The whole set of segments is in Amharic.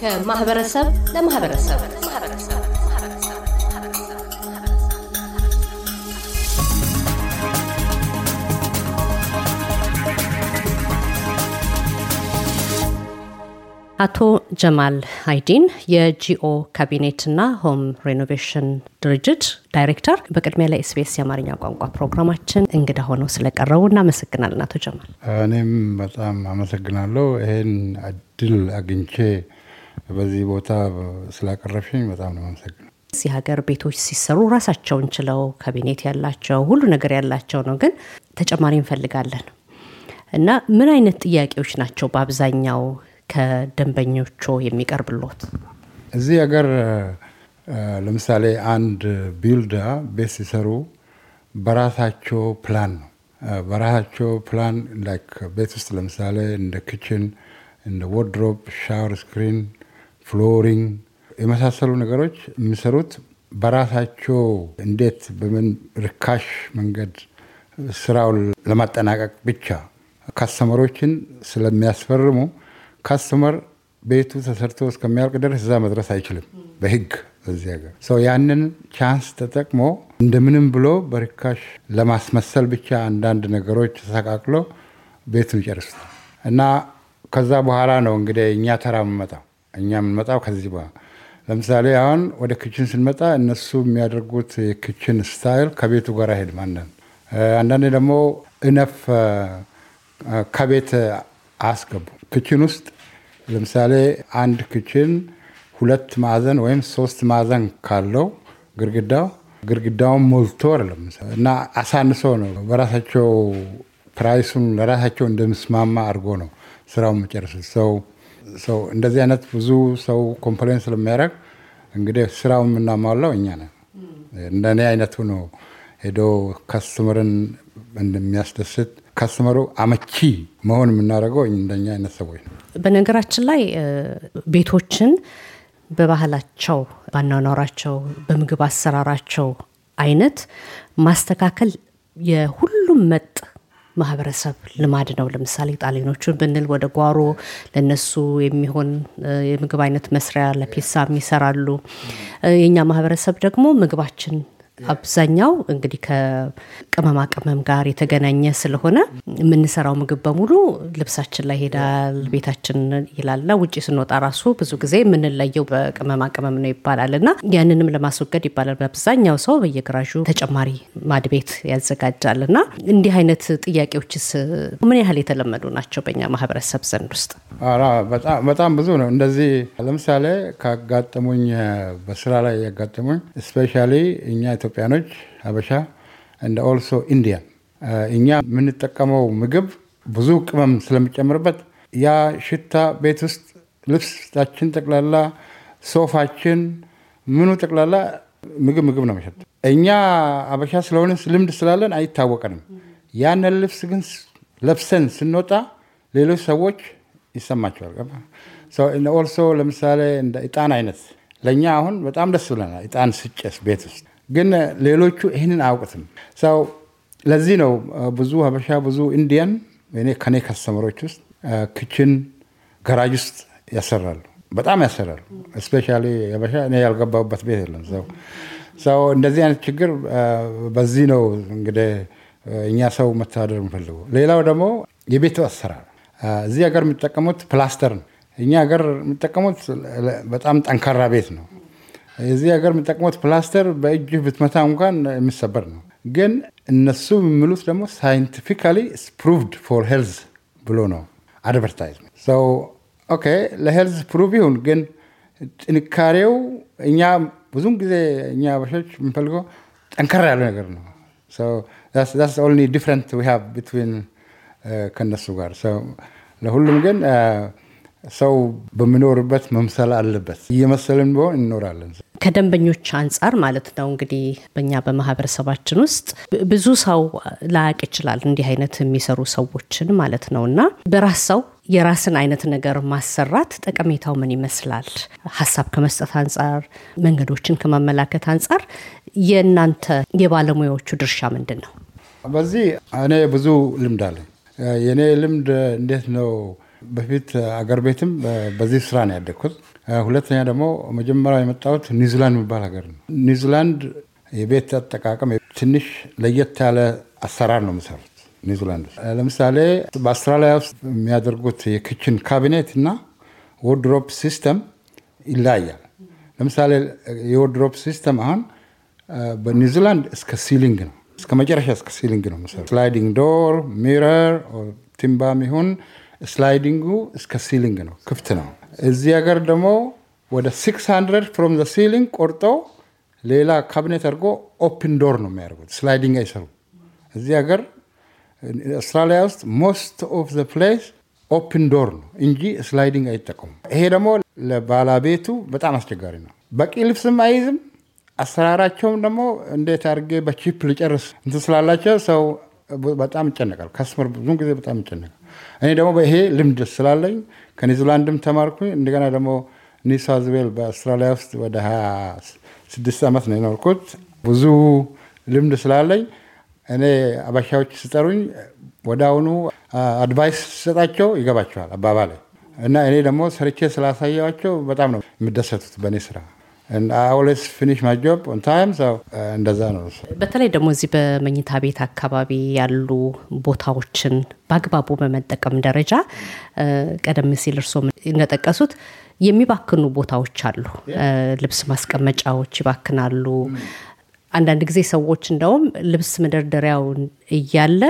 ከማህበረሰብ ለማህበረሰብ ማህበረሰብ አቶ ጀማል አይዲን የጂኦ ካቢኔትና ሆም ሬኖቬሽን ድርጅት ዳይሬክተር፣ በቅድሚያ ለኤስቢኤስ የአማርኛ ቋንቋ ፕሮግራማችን እንግዳ ሆነው ስለቀረቡ እናመሰግናለን። አቶ ጀማል፣ እኔም በጣም አመሰግናለሁ። ይሄን እድል አግኝቼ በዚህ ቦታ ስላቀረብሽኝ በጣም ነው አመሰግናለሁ። እዚህ ሀገር ቤቶች ሲሰሩ ራሳቸውን ችለው ካቢኔት ያላቸው ሁሉ ነገር ያላቸው ነው፣ ግን ተጨማሪ እንፈልጋለን እና ምን አይነት ጥያቄዎች ናቸው በአብዛኛው ከደንበኞቹ የሚቀርብሎት? እዚህ ሀገር ለምሳሌ አንድ ቢልዳ ቤት ሲሰሩ በራሳቸው ፕላን ነው። በራሳቸው ፕላን ላይክ ቤት ውስጥ ለምሳሌ እንደ ክችን፣ እንደ ወርድሮብ፣ ሻወር ስክሪን፣ ፍሎሪንግ የመሳሰሉ ነገሮች የሚሰሩት በራሳቸው እንዴት በምን ርካሽ መንገድ ስራውን ለማጠናቀቅ ብቻ ካስተመሮችን ስለሚያስፈርሙ ካስተመር ቤቱ ተሰርቶ እስከሚያልቅ ድረስ እዛ መድረስ አይችልም በህግ በዚህ ሀገር ሰው ያንን ቻንስ ተጠቅሞ እንደምንም ብሎ በርካሽ ለማስመሰል ብቻ አንዳንድ ነገሮች ተሰቃቅሎ ቤቱን ይጨርሱታል እና ከዛ በኋላ ነው እንግዲህ እኛ ተራ የምንመጣው እኛ የምንመጣው ከዚህ በኋላ ለምሳሌ አሁን ወደ ክችን ስንመጣ እነሱ የሚያደርጉት የክችን ስታይል ከቤቱ ጋር አይሄድም። አንዳንድ አንዳንዴ ደግሞ እነፍ uh, ከቤት አስገቡ። ክችን ውስጥ ለምሳሌ አንድ ክችን ሁለት ማዕዘን ወይም ሶስት ማዕዘን ካለው ግድግዳው ግድግዳውን ሞልቶ አይደለም እና አሳንሶ ነው በራሳቸው ፕራይሱን ለራሳቸው እንደሚስማማ አድርጎ ነው ስራው መጨረስ ሰው ሰው እንደዚህ አይነት ብዙ ሰው ኮምፕሌን ስለሚያደርግ እንግዲህ ስራው የምናሟላው እኛ ነን። እንደኔ አይነቱ ነው ሄዶ ከስተመርን እንደሚያስደስት ከስተመሩ አመቺ መሆን የምናደርገው እንደኛ አይነት ሰዎች ነው። በነገራችን ላይ ቤቶችን በባህላቸው፣ ባኗኗራቸው፣ በምግብ አሰራራቸው አይነት ማስተካከል የሁሉም መጥ ማህበረሰብ ልማድ ነው። ለምሳሌ ጣሊያኖቹን ብንል ወደ ጓሮ ለነሱ የሚሆን የምግብ አይነት መስሪያ ለፔሳም ይሰራሉ። የእኛ ማህበረሰብ ደግሞ ምግባችን አብዛኛው እንግዲህ ከቅመማ ቅመም ጋር የተገናኘ ስለሆነ የምንሰራው ምግብ በሙሉ ልብሳችን ላይ ሄዳል፣ ቤታችን ይላልና ውጭ ስንወጣ ራሱ ብዙ ጊዜ የምንለየው በቅመማ ቅመም ነው ይባላል እና ያንንም ለማስወገድ ይባላል። በአብዛኛው ሰው በየግራዡ ተጨማሪ ማድቤት ያዘጋጃል እና እንዲህ አይነት ጥያቄዎችስ ምን ያህል የተለመዱ ናቸው በእኛ ማህበረሰብ ዘንድ ውስጥ? በጣም ብዙ ነው። እንደዚህ ለምሳሌ ካጋጠሙኝ በስራ ላይ ያጋጠሙኝ ስፔሻሊ እኛ ኢትዮጵያኖች ሀበሻ እንደ ኦልሶ ኢንዲያን እኛ የምንጠቀመው ምግብ ብዙ ቅመም ስለሚጨምርበት ያ ሽታ ቤት ውስጥ ልብስታችን ጠቅላላ ሶፋችን ምኑ ጠቅላላ ምግብ ምግብ ነው መሸጥ እኛ አበሻ ስለሆነ ልምድ ስላለን አይታወቀንም። ያንን ልብስ ግን ለብሰን ስንወጣ ሌሎች ሰዎች ይሰማቸዋል። ኦልሶ ለምሳሌ እንደ እጣን አይነት ለእኛ አሁን በጣም ደስ ብለናል። እጣን ስጨስ ቤት ውስጥ ግን ሌሎቹ ይህንን አያውቁትም። ሰው ለዚህ ነው ብዙ ሀበሻ ብዙ ኢንዲያን እኔ ከኔ ከስተመሮች ውስጥ ክችን ገራጅ ውስጥ ያሰራሉ፣ በጣም ያሰራሉ። እስፔሻሊ ሀበሻ እኔ ያልገባሁበት ቤት የለም። ሰው እንደዚህ አይነት ችግር በዚህ ነው እንግዲህ እኛ ሰው መተዳደር የምፈልገው። ሌላው ደግሞ የቤቱ አሰራር እዚህ ሀገር የሚጠቀሙት ፕላስተር ነው። እኛ ሀገር የሚጠቀሙት በጣም ጠንካራ ቤት ነው። የዚህ ሀገር የሚጠቅሙት ፕላስተር በእጅህ ብትመታ እንኳን የሚሰበር ነው። ግን እነሱ የሚሉት ደግሞ ሳይንቲፊካሊ ፕሩቭድ ፎር ሄልዝ ብሎ ነው አድቨርታይዝ ሰው ኦኬ፣ ለሄልዝ ፕሩቭ ይሁን፣ ግን ጥንካሬው እኛ ብዙም ጊዜ እኛ በሾች የምንፈልገው ጠንከር ያለ ነገር ነው። ኦንሊ ዲፍረንት ዊ ሃቭ ቢትዊን ከነሱ ጋር ለሁሉም ግን uh, ሰው በሚኖርበት መምሰል አለበት። እየመሰልን ቢሆን እንኖራለን። ከደንበኞች አንጻር ማለት ነው እንግዲህ በእኛ በማህበረሰባችን ውስጥ ብዙ ሰው ላያቅ ይችላል እንዲህ አይነት የሚሰሩ ሰዎችን ማለት ነው እና በራስ ሰው የራስን አይነት ነገር ማሰራት ጠቀሜታው ምን ይመስላል? ሀሳብ ከመስጠት አንጻር፣ መንገዶችን ከማመላከት አንጻር የእናንተ የባለሙያዎቹ ድርሻ ምንድን ነው? በዚህ እኔ ብዙ ልምድ አለ የእኔ ልምድ እንዴት ነው? በፊት አገር ቤትም በዚህ ስራ ነው ያደግኩት። ሁለተኛ ደግሞ መጀመሪያ የመጣሁት ኒውዚላንድ የሚባል ሀገር ነው። ኒውዚላንድ የቤት አጠቃቀም ትንሽ ለየት ያለ አሰራር ነው የምሰሩት። ኒውዚላንድ ለምሳሌ በአውስትራሊያ ውስጥ የሚያደርጉት የክችን ካቢኔት እና ወርድሮፕ ሲስተም ይለያያል። ለምሳሌ የወርድሮፕ ሲስተም አሁን በኒውዚላንድ እስከ ሲሊንግ ነው እስከ መጨረሻ እስከ ሲሊንግ ነው የምሰሩት። ስላይዲንግ ዶር፣ ሚረር፣ ቲምባም ይሁን ስላይዲንጉ እስከ ሲሊንግ ነው፣ ክፍት ነው። እዚህ ሀገር ደግሞ ወደ 600 ፍሮም ዘ ሲሊንግ ቆርጠው ሌላ ካቢኔት አድርጎ ኦፕን ዶር ነው የሚያደርጉት። ስላይዲንግ አይሰሩ። እዚህ ሀገር አውስትራሊያ ውስጥ ሞስት ኦፍ ዘ ፕሌስ ኦፕን ዶር ነው እንጂ ስላይዲንግ አይጠቀሙም። ይሄ ደግሞ ለባለቤቱ በጣም አስቸጋሪ ነው። በቂ ልብስም አይዝም አሰራራቸውም ደግሞ እንዴት አድርጌ በቺፕ ልጨርስ እንትን ስላላቸው ሰው በጣም ይጨነቃል። ከስመር ብዙ ጊዜ በጣም ይጨነቃል። እኔ ደግሞ በይሄ ልምድ ስላለኝ ከኒውዚላንድም ተማርኩኝ። እንደገና ደግሞ ኒሳዝዌል በአውስትራሊያ ውስጥ ወደ ሀያ ስድስት ዓመት ነው የኖርኩት። ብዙ ልምድ ስላለኝ እኔ አባሻዎች ስጠሩኝ ወደ አሁኑ አድቫይስ ስሰጣቸው ይገባቸዋል አባባላይ እና እኔ ደግሞ ሰርቼ ስላሳየዋቸው በጣም ነው የሚደሰቱት በእኔ ስራ። Uh, እንደዛ ነው። በተለይ ደግሞ እዚህ በመኝታ ቤት አካባቢ ያሉ ቦታዎችን በአግባቡ በመጠቀም ደረጃ ቀደም ሲል እርስዎም እንደጠቀሱት የሚባክኑ ቦታዎች አሉ። ልብስ ማስቀመጫዎች ይባክናሉ። mm. አንዳንድ ጊዜ ሰዎች እንደውም ልብስ መደርደሪያውን እያለ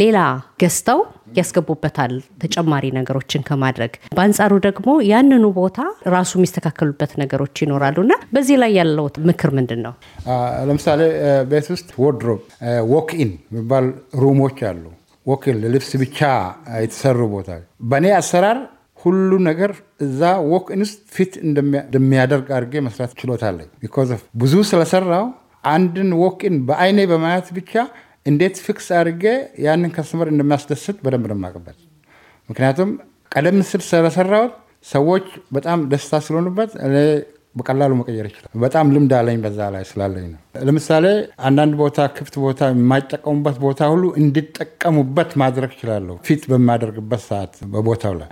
ሌላ ገዝተው ያስገቡበታል ተጨማሪ ነገሮችን ከማድረግ በአንጻሩ ደግሞ ያንኑ ቦታ ራሱ የሚስተካከሉበት ነገሮች ይኖራሉና በዚህ ላይ ያለው ምክር ምንድን ነው? ለምሳሌ ቤት ውስጥ ወርድሮብ ወክኢን የሚባል ሩሞች አሉ። ዎክ ልብስ ብቻ የተሰሩ ቦታ በእኔ አሰራር ሁሉ ነገር እዛ ዎክ ፊት እንደሚያደርግ አድርጌ መስራት ችሎታለኝ ቢኮዝ ብዙ ስለሰራው አንድን ወኪን በአይኔ በማየት ብቻ እንዴት ፊክስ አድርጌ ያንን ከስተመር እንደሚያስደስት በደንብ ደማቅበት ምክንያቱም ቀደም ስል ስለሰራሁት ሰዎች በጣም ደስታ ስለሆኑበት በቀላሉ መቀየር ይችላል። በጣም ልምድ አለኝ በዛ ላይ ስላለኝ ነው። ለምሳሌ አንዳንድ ቦታ ክፍት ቦታ የማይጠቀሙበት ቦታ ሁሉ እንዲጠቀሙበት ማድረግ ይችላለሁ፣ ፊት በማደርግበት ሰዓት በቦታው ላይ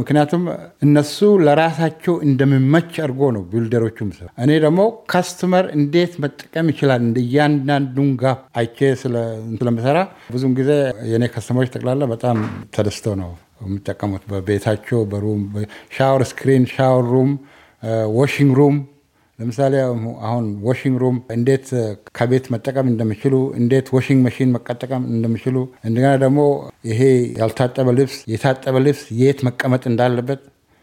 ምክንያቱም እነሱ ለራሳቸው እንደሚመች አድርጎ ነው ቢልደሮቹም እኔ ደግሞ ካስተመር እንዴት መጠቀም ይችላል እንደ እያንዳንዱን ጋፕ አይቼ ስለምሰራ ብዙም ጊዜ የእኔ ከስተመሮች ጠቅላላ በጣም ተደስተው ነው የሚጠቀሙት በቤታቸው በሩም ሻወር ስክሪን ሻወር ሩም ዋሽንግ ሩም ለምሳሌ አሁን ዋሽንግ ሩም እንዴት ከቤት መጠቀም እንደሚችሉ፣ እንዴት ዋሽንግ መሽን መጠቀም እንደሚችሉ፣ እንደገና ደግሞ ይሄ ያልታጠበ ልብስ፣ የታጠበ ልብስ የት መቀመጥ እንዳለበት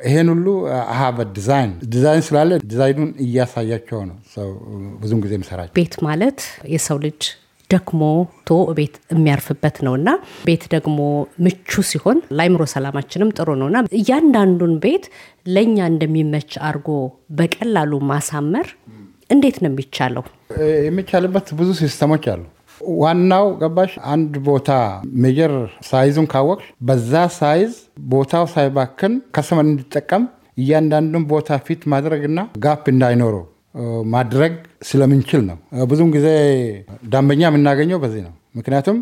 ይሄን ሁሉ አሀበ ዲዛይን ዲዛይን ስላለ ዲዛይኑን እያሳያቸው ነው ብዙም ጊዜ ምሰራቸው ቤት ማለት የሰው ልጅ ቶ ቤት የሚያርፍበት እና ቤት ደግሞ ምቹ ሲሆን ለአይምሮ ሰላማችንም ጥሩ ነውና እያንዳንዱን ቤት ለእኛ እንደሚመች አድርጎ በቀላሉ ማሳመር እንዴት ነው የሚቻለው? የሚቻልበት ብዙ ሲስተሞች አሉ። ዋናው ገባሽ፣ አንድ ቦታ ሜጀር ሳይዙን ካወቅሽ በዛ ሳይዝ ቦታው ሳይባክን ከሰመን እንዲጠቀም እያንዳንዱን ቦታ ፊት ማድረግና ጋፕ እንዳይኖረው ማድረግ ስለምንችል ነው። ብዙም ጊዜ ደንበኛ የምናገኘው በዚህ ነው። ምክንያቱም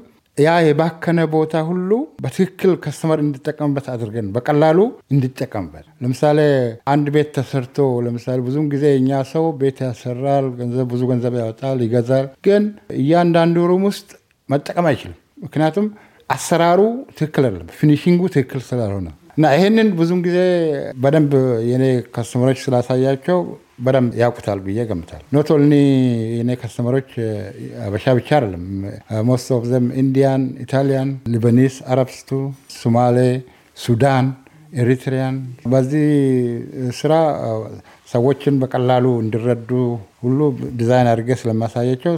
ያ የባከነ ቦታ ሁሉ በትክክል ከስተመር እንዲጠቀምበት አድርገን በቀላሉ እንዲጠቀምበት። ለምሳሌ አንድ ቤት ተሰርቶ ለምሳሌ ብዙም ጊዜ እኛ ሰው ቤት ያሰራል፣ ገንዘብ ብዙ ገንዘብ ያወጣል፣ ይገዛል። ግን እያንዳንዱ ሩም ውስጥ መጠቀም አይችልም። ምክንያቱም አሰራሩ ትክክል አይደለም፣ ፊኒሽንጉ ትክክል ስላልሆነ እና ይህንን ብዙም ጊዜ በደንብ የኔ ከስተመሮች ስላሳያቸው በደንብ ያውቁታል ብዬ ገምታል። ኖት ኦንሊ የኔ ከስተመሮች አበሻ ብቻ አይደለም። ሞስት ኦፍ ዘም ኢንዲያን፣ ኢታሊያን፣ ሊበኒስ፣ አረብስቱ፣ ሱማሌ፣ ሱዳን፣ ኤሪትሪያን በዚህ ስራ ሰዎችን በቀላሉ እንዲረዱ ሁሉ ዲዛይን አድርገ ስለማሳያቸው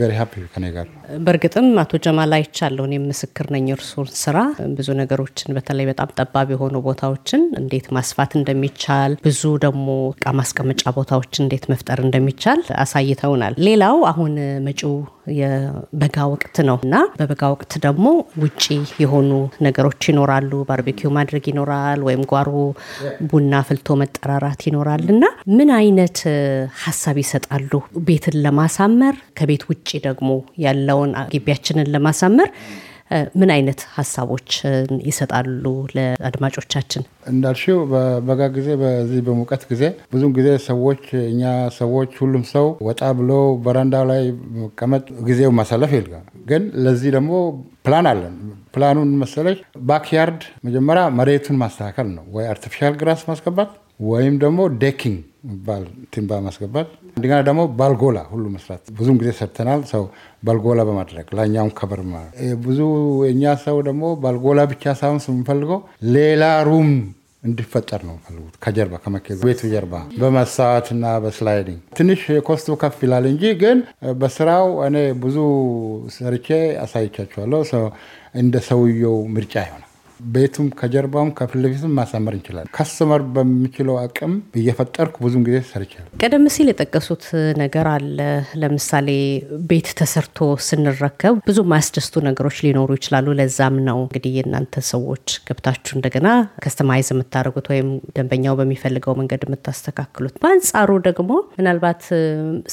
ቬሪ ሃፒ ከኔ ጋር። በእርግጥም አቶ ጀማል አይቻለሁ፣ እኔም ምስክር ነኝ። እርሱን ስራ ብዙ ነገሮችን በተለይ በጣም ጠባብ የሆኑ ቦታዎችን እንዴት ማስፋት እንደሚቻል፣ ብዙ ደግሞ እቃ ማስቀመጫ ቦታዎችን እንዴት መፍጠር እንደሚቻል አሳይተውናል። ሌላው አሁን መጪው የበጋ ወቅት ነው እና በበጋ ወቅት ደግሞ ውጪ የሆኑ ነገሮች ይኖራሉ። ባርቤኪው ማድረግ ይኖራል፣ ወይም ጓሮ ቡና ፍልቶ መጠራራት ይኖራል። እና ምን አይነት ሀሳብ ይሰጣሉ? ቤትን ለማሳመር ከቤት ውጭ ደግሞ ያለውን ግቢያችንን ለማሳመር ምን አይነት ሀሳቦች ይሰጣሉ ለአድማጮቻችን? እንዳልሽው በበጋ ጊዜ በዚህ በሙቀት ጊዜ ብዙን ጊዜ ሰዎች እኛ ሰዎች ሁሉም ሰው ወጣ ብሎ በረንዳ ላይ መቀመጥ ጊዜው ማሳለፍ ይልጋ። ግን ለዚህ ደግሞ ፕላን አለን። ፕላኑን መሰለች ባክያርድ መጀመሪያ መሬቱን ማስተካከል ነው ወይ አርቲፊሻል ግራስ ማስገባት ወይም ደግሞ ዴኪንግ ባል ቲምባ ማስገባት እንደገና ደግሞ ባልጎላ ሁሉ መስራት ብዙም ጊዜ ሰርተናል። ሰው ባልጎላ በማድረግ ላኛውን ከበር ብዙ የኛ ሰው ደግሞ ባልጎላ ብቻ ሳይሆን ስንፈልገው ሌላ ሩም እንዲፈጠር ነው ፈልጉት። ከጀርባ ከመኬዝ ቤቱ ጀርባ በመስታወትና በስላይዲንግ ትንሽ ኮስቱ ከፍ ይላል እንጂ ግን በስራው እኔ ብዙ ሰርቼ አሳይቻቸዋለሁ። እንደ ሰውየው ምርጫ ይሆናል። ቤቱም ከጀርባውም ከፊት ለፊትም ማሳመር እንችላለን። ከስተመር በሚችለው አቅም እየፈጠርኩ ብዙም ጊዜ ሰርቻለሁ። ቀደም ሲል የጠቀሱት ነገር አለ። ለምሳሌ ቤት ተሰርቶ ስንረከብ ብዙ ማያስደስቱ ነገሮች ሊኖሩ ይችላሉ። ለዛም ነው እንግዲህ የእናንተ ሰዎች ገብታችሁ እንደገና ከስተማይዝ የምታደርጉት ወይም ደንበኛው በሚፈልገው መንገድ የምታስተካክሉት። በአንጻሩ ደግሞ ምናልባት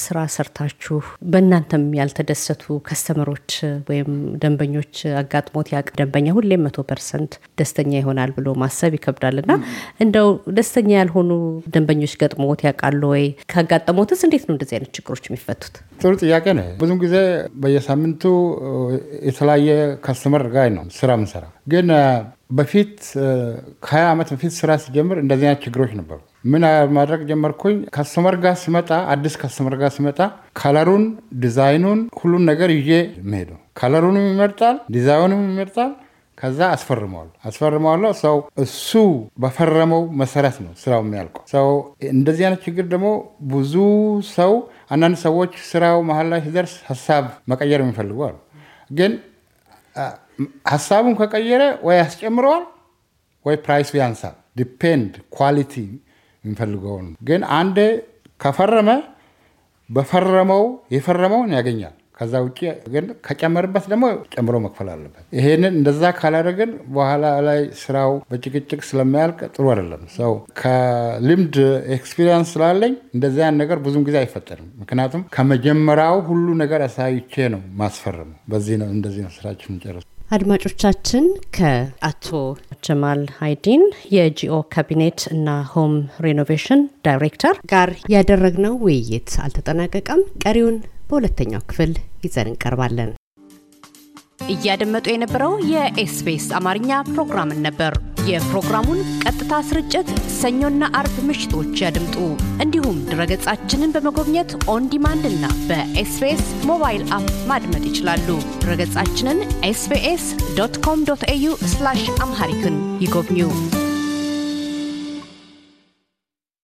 ስራ ሰርታችሁ በእናንተም ያልተደሰቱ ከስተመሮች ወይም ደንበኞች አጋጥሞት ያቅ ደንበኛ ሁሌም መቶ ፐርሰንት ደስተኛ ይሆናል ብሎ ማሰብ ይከብዳል። እና እንደው ደስተኛ ያልሆኑ ደንበኞች ገጥሞት ያውቃሉ ወይ? ካጋጠሞትስ እንዴት ነው እንደዚህ አይነት ችግሮች የሚፈቱት? ጥሩ ጥያቄ ነው። ብዙም ጊዜ በየሳምንቱ የተለያየ ከስተመር ጋር ነው ስራ ምንሰራ ግን በፊት ከሀያ ዓመት በፊት ስራ ሲጀምር እንደዚህ አይነት ችግሮች ነበሩ። ምን ማድረግ ጀመርኩኝ? ከስተመር ጋር ስመጣ አዲስ ከስተመር ጋር ስመጣ ከለሩን፣ ዲዛይኑን ሁሉን ነገር ይዤ መሄዱ። ከለሩንም ይመርጣል፣ ዲዛይኑንም ይመርጣል፣ ከዛ አስፈርመዋል አስፈርመዋለሁ። ሰው እሱ በፈረመው መሰረት ነው ስራው የሚያልቀው። ሰው እንደዚህ አይነት ችግር ደግሞ ብዙ ሰው አንዳንድ ሰዎች ስራው መሀል ላይ ሲደርስ ሀሳብ መቀየር የሚፈልጉ አሉ። ግን ሀሳቡን ከቀየረ ወይ ያስጨምረዋል ወይ ፕራይስ ያንሳል። ዲፔንድ ኳሊቲ የሚፈልገውን ግን አንዴ ከፈረመ በፈረመው የፈረመውን ያገኛል። ከዛ ውጭ ግን ከጨመርበት ደግሞ ጨምሮ መክፈል አለበት። ይሄንን እንደዛ ካላደረግን በኋላ ላይ ስራው በጭቅጭቅ ስለሚያልቅ ጥሩ አይደለም። ሰው ከልምድ ኤክስፒሪንስ ስላለኝ እንደዚያ ነገር ብዙም ጊዜ አይፈጠርም። ምክንያቱም ከመጀመሪያው ሁሉ ነገር አሳይቼ ነው ማስፈርም። በዚህ ነው እንደዚህ ነው ስራችን ጨርስ አድማጮቻችን ከአቶ ጀማል ሀይዲን የጂኦ ካቢኔት እና ሆም ሬኖቬሽን ዳይሬክተር ጋር ያደረግነው ውይይት አልተጠናቀቀም። ቀሪውን በሁለተኛው ክፍል ይዘን እንቀርባለን። እያደመጡ የነበረው የኤስቢኤስ አማርኛ ፕሮግራምን ነበር። የፕሮግራሙን ቀጥታ ስርጭት ሰኞና አርብ ምሽቶች ያድምጡ። እንዲሁም ድረገጻችንን በመጎብኘት ኦን ዲማንድ እና በኤስቢኤስ ሞባይል አፕ ማድመጥ ይችላሉ። ድረገጻችንን ኤስቢኤስ ዶት ኮም ዶት ኤዩ አምሃሪክን ይጎብኙ።